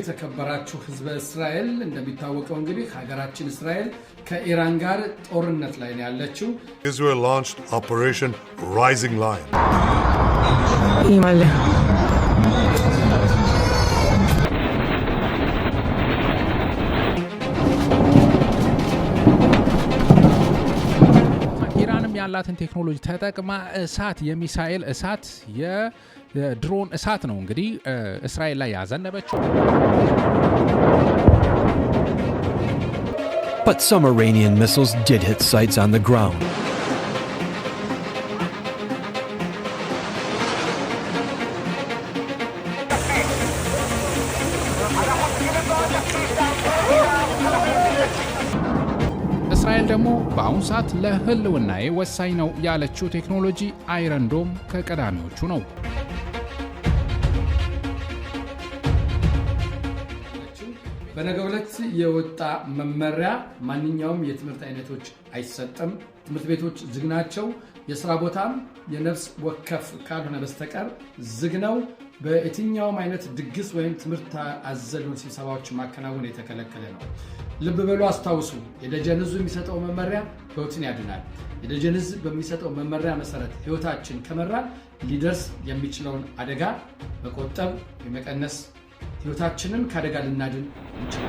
የተከበራችሁ ህዝበ እስራኤል እንደሚታወቀው እንግዲህ ሀገራችን እስራኤል ከኢራን ጋር ጦርነት ላይ ነው ያለችው። ኢራንም ያላትን ቴክኖሎጂ ተጠቅማ እሳት የሚሳኤል እሳት የድሮን እሳት ነው እንግዲህ እስራኤል ላይ ያዘነበችው። But some Iranian missiles did hit sites on the ground. እስራኤል ደግሞ በአሁኑ ሰዓት ለህልውናዬ ወሳኝ ነው ያለችው ቴክኖሎጂ አይረንዶም ከቀዳሚዎቹ ነው። በነገው ዕለት የወጣ መመሪያ ማንኛውም የትምህርት አይነቶች አይሰጥም፣ ትምህርት ቤቶች ዝግ ናቸው፣ የስራ ቦታም የነፍስ ወከፍ ካልሆነ በስተቀር ዝግ ነው፣ በየትኛውም አይነት ድግስ ወይም ትምህርት አዘሉን ስብሰባዎች ማከናወን የተከለከለ ነው። ልብ በሉ፣ አስታውሱ። የደጀን ሕዝብ የሚሰጠው መመሪያ ህይወትን ያድናል። የደጀን በሚሰጠው መመሪያ መሰረት ህይወታችን ከመራ ሊደርስ የሚችለውን አደጋ መቆጠብ የመቀነስ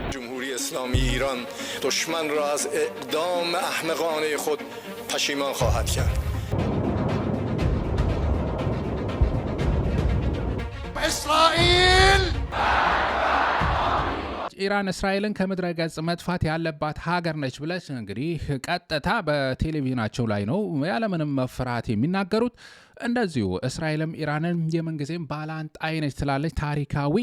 جمهوری اسلامی ایران دشمن را از اقدام احمقانه خود پشیمان خواهد کرد ኢራን እስራኤልን ከምድረ ገጽ መጥፋት ያለባት ሀገር ነች ብለች እንግዲህ ቀጥታ በቴሌቪዥናቸው ላይ ነው ያለምንም መፍራት የሚናገሩት። እንደዚሁ እስራኤልም ኢራንን የምንጊዜም ባላንጣይ ነች ትላለች። ታሪካዊ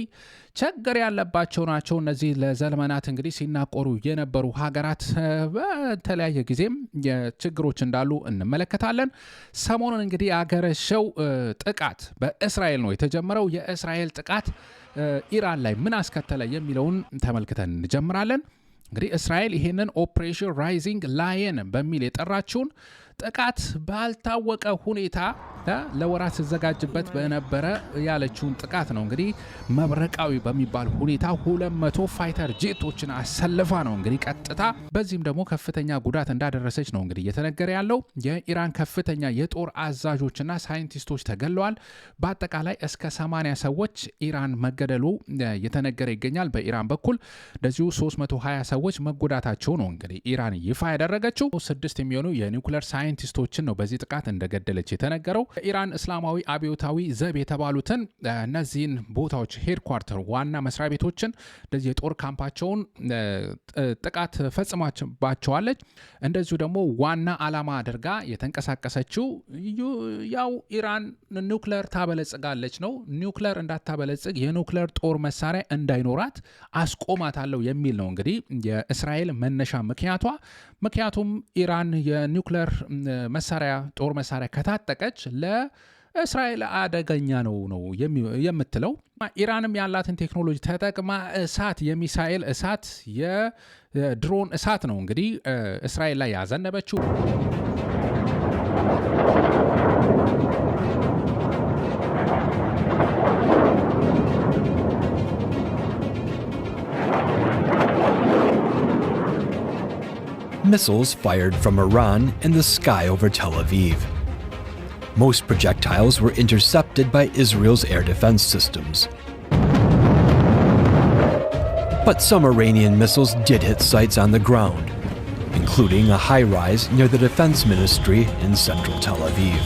ችግር ያለባቸው ናቸው እነዚህ ለዘመናት እንግዲህ ሲናቆሩ የነበሩ ሀገራት በተለያየ ጊዜም ችግሮች እንዳሉ እንመለከታለን። ሰሞኑን እንግዲህ ያገረሸው ጥቃት በእስራኤል ነው የተጀመረው። የእስራኤል ጥቃት ኢራን ላይ ምን አስከተለ የሚለውን ተመልክተን እንጀምራለን። እንግዲህ እስራኤል ይሄንን ኦፕሬሽን ራይዚንግ ላየን በሚል የጠራችውን ጥቃት ባልታወቀ ሁኔታ ለወራት ሲዘጋጅበት በነበረ ያለችውን ጥቃት ነው እንግዲህ መብረቃዊ በሚባል ሁኔታ 200 ፋይተር ጄቶችን አሰልፋ ነው እንግዲህ ቀጥታ በዚህም ደግሞ ከፍተኛ ጉዳት እንዳደረሰች ነው እንግዲህ እየተነገረ ያለው። የኢራን ከፍተኛ የጦር አዛዦችና ሳይንቲስቶች ተገለዋል። በአጠቃላይ እስከ 80 ሰዎች ኢራን መገደሉ እየተነገረ ይገኛል። በኢራን በኩል እንደዚሁ 320 ሰዎች መጎዳታቸው ነው እንግዲህ ኢራን ይፋ ያደረገችው። ስድስት የሚሆኑ የኒውክለር ሳይንስ ሳይንቲስቶችን ነው በዚህ ጥቃት እንደገደለች የተነገረው። የኢራን እስላማዊ አብዮታዊ ዘብ የተባሉትን እነዚህን ቦታዎች ሄድኳርተር ዋና መስሪያ ቤቶችን እንደዚህ የጦር ካምፓቸውን ጥቃት ፈጽማባቸዋለች። እንደዚሁ ደግሞ ዋና ዓላማ አድርጋ የተንቀሳቀሰችው ያው ኢራን ኒውክለር ታበለጽጋለች ነው። ኒውክለር እንዳታበለጽግ የኒውክለር ጦር መሳሪያ እንዳይኖራት አስቆማታለሁ የሚል ነው እንግዲህ የእስራኤል መነሻ ምክንያቷ። ምክንያቱም ኢራን የኒውክለር መሳሪያ ጦር መሳሪያ ከታጠቀች ለእስራኤል አደገኛ ነው ነው የምትለው። ኢራንም ያላትን ቴክኖሎጂ ተጠቅማ እሳት የሚሳኤል እሳት የድሮን እሳት ነው እንግዲህ እስራኤል ላይ ያዘነበችው። missiles fired from Iran in the sky over Tel Aviv. Most projectiles were intercepted by Israel's air defense systems. But some Iranian missiles did hit sites on the ground, including a high rise near the defense ministry in central Tel Aviv.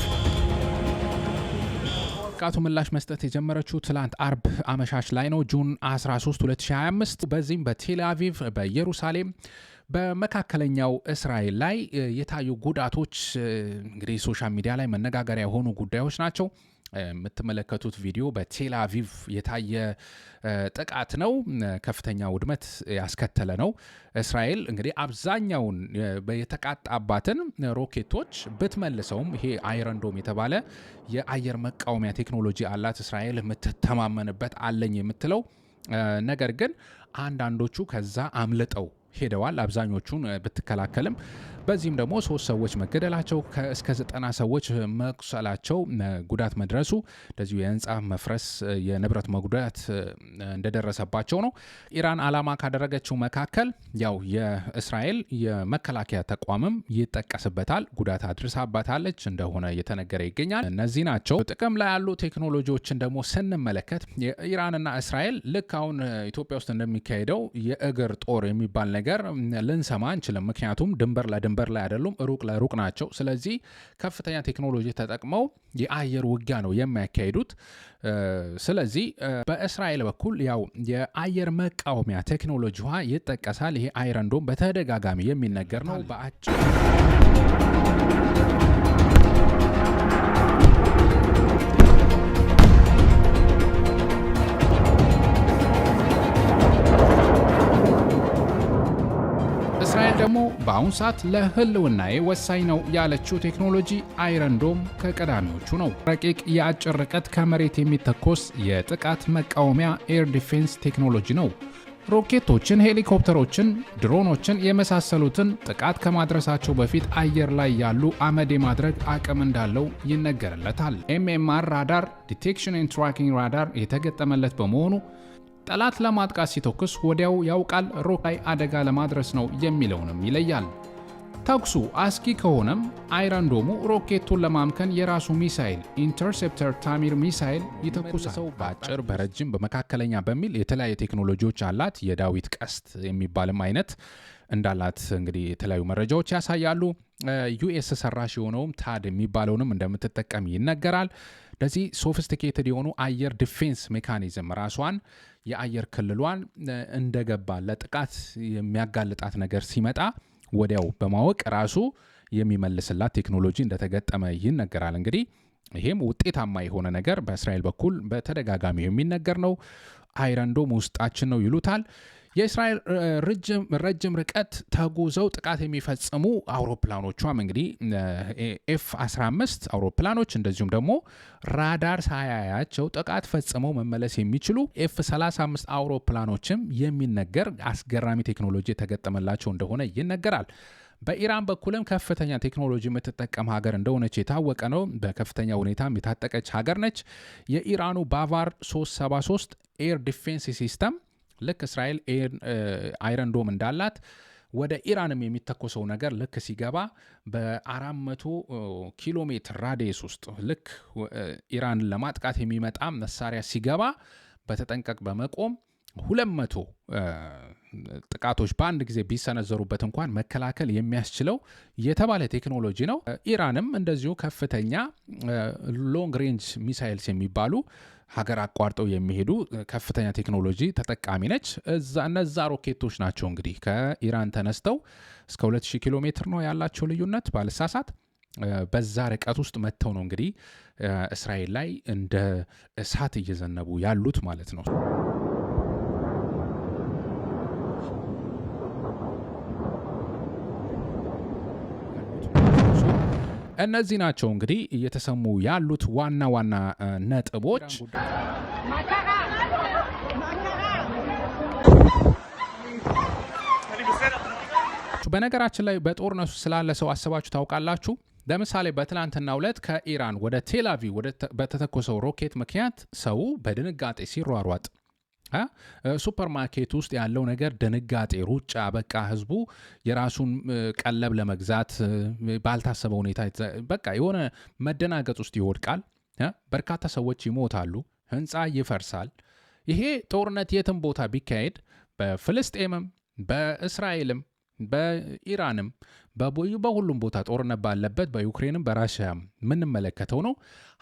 ጥቃቱ ምላሽ መስጠት የጀመረችው ትላንት አርብ አመሻሽ ላይ ነው ጁን 13 2025 በዚህም በኢየሩሳሌም በመካከለኛው እስራኤል ላይ የታዩ ጉዳቶች እንግዲህ ሶሻል ሚዲያ ላይ መነጋገሪያ የሆኑ ጉዳዮች ናቸው። የምትመለከቱት ቪዲዮ በቴል አቪቭ የታየ ጥቃት ነው። ከፍተኛ ውድመት ያስከተለ ነው። እስራኤል እንግዲህ አብዛኛውን የተቃጣባትን ሮኬቶች ብትመልሰውም ይሄ አይረንዶም የተባለ የአየር መቃወሚያ ቴክኖሎጂ አላት እስራኤል የምትተማመንበት አለኝ የምትለው ነገር ግን አንዳንዶቹ ከዛ አምልጠው ሄደዋል። አብዛኞቹን ብትከላከልም በዚህም ደግሞ ሶስት ሰዎች መገደላቸው እስከ ዘጠና ሰዎች መቁሰላቸው ጉዳት መድረሱ እንደዚሁ የህንፃ መፍረስ የንብረት መጉዳት እንደደረሰባቸው ነው። ኢራን ዓላማ ካደረገችው መካከል ያው የእስራኤል የመከላከያ ተቋምም ይጠቀስበታል። ጉዳት አድርሳባታለች እንደሆነ እየተነገረ ይገኛል። እነዚህ ናቸው። ጥቅም ላይ ያሉ ቴክኖሎጂዎችን ደግሞ ስንመለከት ኢራንና እስራኤል ልክ አሁን ኢትዮጵያ ውስጥ እንደሚካሄደው የእግር ጦር የሚባል ነገር ልንሰማ አንችልም። ምክንያቱም ድንበር ለድንበር ድንበር ላይ አይደሉም፣ ሩቅ ለሩቅ ናቸው። ስለዚህ ከፍተኛ ቴክኖሎጂ ተጠቅመው የአየር ውጊያ ነው የሚያካሂዱት። ስለዚህ በእስራኤል በኩል ያው የአየር መቃወሚያ ቴክኖሎጂዋ ይጠቀሳል። ይሄ አይረንዶም በተደጋጋሚ የሚነገር ነው በአጭር ደግሞ በአሁኑ ሰዓት ለህልውናዬ ወሳኝ ነው ያለችው ቴክኖሎጂ አይረንዶም ከቀዳሚዎቹ ነው። ረቂቅ የአጭር ርቀት ከመሬት የሚተኮስ የጥቃት መቃወሚያ ኤር ዲፌንስ ቴክኖሎጂ ነው። ሮኬቶችን፣ ሄሊኮፕተሮችን፣ ድሮኖችን የመሳሰሉትን ጥቃት ከማድረሳቸው በፊት አየር ላይ ያሉ አመድ የማድረግ አቅም እንዳለው ይነገርለታል። ኤምኤምአር ራዳር ዲቴክሽን ኤንድ ትራኪንግ ራዳር የተገጠመለት በመሆኑ ጠላት ለማጥቃት ሲተኩስ ወዲያው ያውቃል ሮኬት ላይ አደጋ ለማድረስ ነው የሚለውንም ይለያል። ተኩሱ አስጊ ከሆነም አይረን ዶሙ ሮኬቱን ለማምከን የራሱ ሚሳይል ኢንተርሴፕተር ታሚር ሚሳይል ይተኩሳል። በአጭር በረጅም በመካከለኛ በሚል የተለያዩ ቴክኖሎጂዎች አላት። የዳዊት ቀስት የሚባልም አይነት እንዳላት እንግዲህ የተለያዩ መረጃዎች ያሳያሉ። ዩኤስ ሰራሽ የሆነውም ታድ የሚባለውንም እንደምትጠቀም ይነገራል። ለዚህ ሶፊስቲኬትድ የሆኑ አየር ዲፌንስ ሜካኒዝም ራሷን የአየር ክልሏን እንደገባ ለጥቃት የሚያጋልጣት ነገር ሲመጣ ወዲያው በማወቅ ራሱ የሚመልስላት ቴክኖሎጂ እንደተገጠመ ይነገራል። እንግዲህ ይሄም ውጤታማ የሆነ ነገር በእስራኤል በኩል በተደጋጋሚ የሚነገር ነው። አይረንዶም ውስጣችን ነው ይሉታል። የእስራኤል ረጅም ርቀት ተጉዘው ጥቃት የሚፈጽሙ አውሮፕላኖቿም እንግዲህ ኤፍ 15 አውሮፕላኖች እንደዚሁም ደግሞ ራዳር ሳያያቸው ጥቃት ፈጽመው መመለስ የሚችሉ ኤፍ 35 አውሮፕላኖችም የሚነገር አስገራሚ ቴክኖሎጂ የተገጠመላቸው እንደሆነ ይነገራል። በኢራን በኩልም ከፍተኛ ቴክኖሎጂ የምትጠቀም ሀገር እንደሆነች የታወቀ ነው። በከፍተኛ ሁኔታም የታጠቀች ሀገር ነች። የኢራኑ ባቫር 373 ኤር ዲፌንስ ሲስተም ልክ እስራኤል አይረን ዶም እንዳላት ወደ ኢራንም የሚተኮሰው ነገር ልክ ሲገባ በ400 ኪሎ ሜትር ራዲየስ ውስጥ ልክ ኢራንን ለማጥቃት የሚመጣ መሳሪያ ሲገባ በተጠንቀቅ በመቆም 200 ጥቃቶች በአንድ ጊዜ ቢሰነዘሩበት እንኳን መከላከል የሚያስችለው የተባለ ቴክኖሎጂ ነው። ኢራንም እንደዚሁ ከፍተኛ ሎንግ ሬንጅ ሚሳይልስ የሚባሉ ሀገር አቋርጠው የሚሄዱ ከፍተኛ ቴክኖሎጂ ተጠቃሚ ነች። እነዛ ሮኬቶች ናቸው እንግዲህ ከኢራን ተነስተው እስከ 2000 ኪሎ ሜትር ነው ያላቸው ልዩነት ባልሳሳት። በዛ ርቀት ውስጥ መጥተው ነው እንግዲህ እስራኤል ላይ እንደ እሳት እየዘነቡ ያሉት ማለት ነው። እነዚህ ናቸው እንግዲህ እየተሰሙ ያሉት ዋና ዋና ነጥቦች። በነገራችን ላይ በጦርነቱ ስላለ ሰው አስባችሁ ታውቃላችሁ? ለምሳሌ በትናንትናው ዕለት ከኢራን ወደ ቴላቪ በተተኮሰው ሮኬት ምክንያት ሰው በድንጋጤ ሲሯሯጥ ሱፐር ማርኬት ውስጥ ያለው ነገር ድንጋጤ፣ ሩጫ፣ በቃ ህዝቡ የራሱን ቀለብ ለመግዛት ባልታሰበ ሁኔታ በቃ የሆነ መደናገጥ ውስጥ ይወድቃል። በርካታ ሰዎች ይሞታሉ፣ ህንፃ ይፈርሳል። ይሄ ጦርነት የትም ቦታ ቢካሄድ በፍልስጤምም በእስራኤልም በኢራንም በሁሉም ቦታ ጦርነት ባለበት በዩክሬንም በራሽያም የምንመለከተው ነው።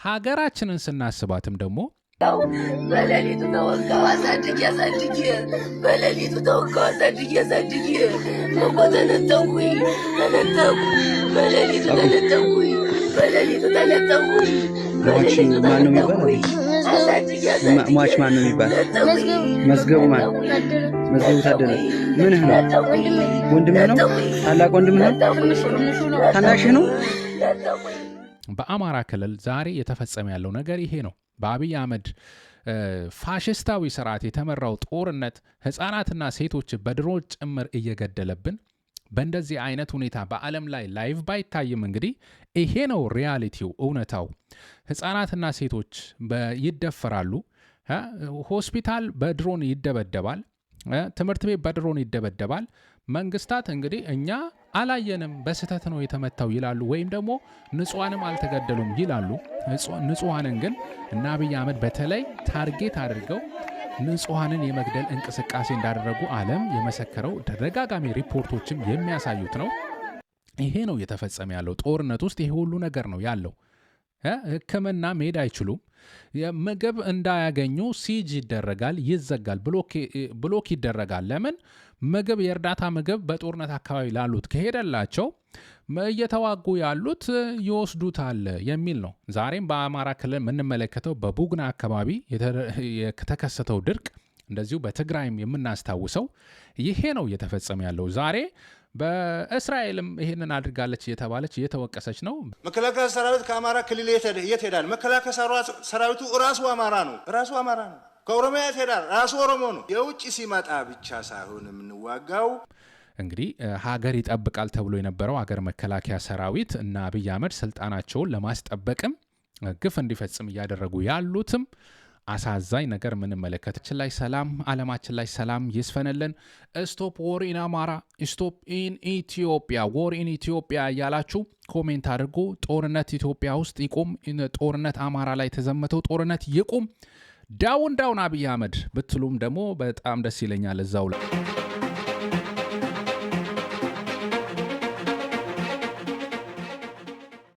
ሀገራችንን ስናስባትም ደግሞ ያው በሌሊቱ ተወጋው አሳድጌ አሳድጌ በሌሊቱ ተወጋው አሳድጌ አሳድጌ እኮ በሌሊቱ በሌሊቱ ማን ነው የሚባለው? መዝገቡ ማን መዝገቡ ታደለ ምንህ ነው? ወንድምህ ነው? ታላቅ ወንድምህ ነው? ታናሽህ ነው? በአማራ ክልል ዛሬ የተፈጸመ ያለው ነገር ይሄ ነው። በአብይ አህመድ ፋሽስታዊ ስርዓት የተመራው ጦርነት ህፃናትና ሴቶች በድሮች ጭምር እየገደለብን በእንደዚህ አይነት ሁኔታ በዓለም ላይ ላይቭ ባይታይም እንግዲህ ይሄ ነው ሪያሊቲው፣ እውነታው። ህፃናትና ሴቶች ይደፈራሉ። ሆስፒታል በድሮን ይደበደባል። ትምህርት ቤት በድሮን ይደበደባል። መንግስታት እንግዲህ እኛ አላየንም በስህተት ነው የተመታው ይላሉ፣ ወይም ደግሞ ንጹሐንም አልተገደሉም ይላሉ። ንጹሐንን ግን እና አብይ አህመድ በተለይ ታርጌት አድርገው ንጹሐንን የመግደል እንቅስቃሴ እንዳደረጉ ዓለም የመሰከረው ተደጋጋሚ ሪፖርቶችም የሚያሳዩት ነው። ይሄ ነው እየተፈጸመ ያለው ጦርነት ውስጥ ይሄ ሁሉ ነገር ነው ያለው። ሕክምና መሄድ አይችሉም። ምግብ እንዳያገኙ ሲጅ ይደረጋል፣ ይዘጋል፣ ብሎክ ይደረጋል። ለምን ምግብ የእርዳታ ምግብ በጦርነት አካባቢ ላሉት ከሄደላቸው እየተዋጉ ያሉት ይወስዱታል የሚል ነው። ዛሬም በአማራ ክልል የምንመለከተው በቡግና አካባቢ የተከሰተው ድርቅ እንደዚሁ በትግራይም የምናስታውሰው ይሄ ነው እየተፈጸመ ያለው። ዛሬ በእስራኤልም ይሄንን አድርጋለች እየተባለች እየተወቀሰች ነው። መከላከያ ሰራዊት ከአማራ ክልል የት ሄዳል? መከላከያ ሰራዊቱ ራሱ አማራ ነው። ራሱ አማራ ነው። ከኦሮሚያ ፌዴራል ራሱ ኦሮሞ ነው። የውጭ ሲመጣ ብቻ ሳይሆን የምንዋጋው እንግዲህ ሀገር ይጠብቃል ተብሎ የነበረው ሀገር መከላከያ ሰራዊት እና አብይ አህመድ ስልጣናቸውን ለማስጠበቅም ግፍ እንዲፈጽም እያደረጉ ያሉትም አሳዛኝ ነገር ምንመለከታችን ላይ ሰላም አለማችን ላይ ሰላም ይስፈንልን። ስቶፕ ወር ኢን አማራ፣ ስቶፕ ኢን ኢትዮጵያ፣ ወር ኢን ኢትዮጵያ እያላችሁ ኮሜንት አድርጎ ጦርነት ኢትዮጵያ ውስጥ ይቁም፣ ጦርነት አማራ ላይ ተዘመተው ጦርነት ይቁም። ዳውን ዳውን አብይ አህመድ ብትሉም ደግሞ በጣም ደስ ይለኛል እዛው ላይ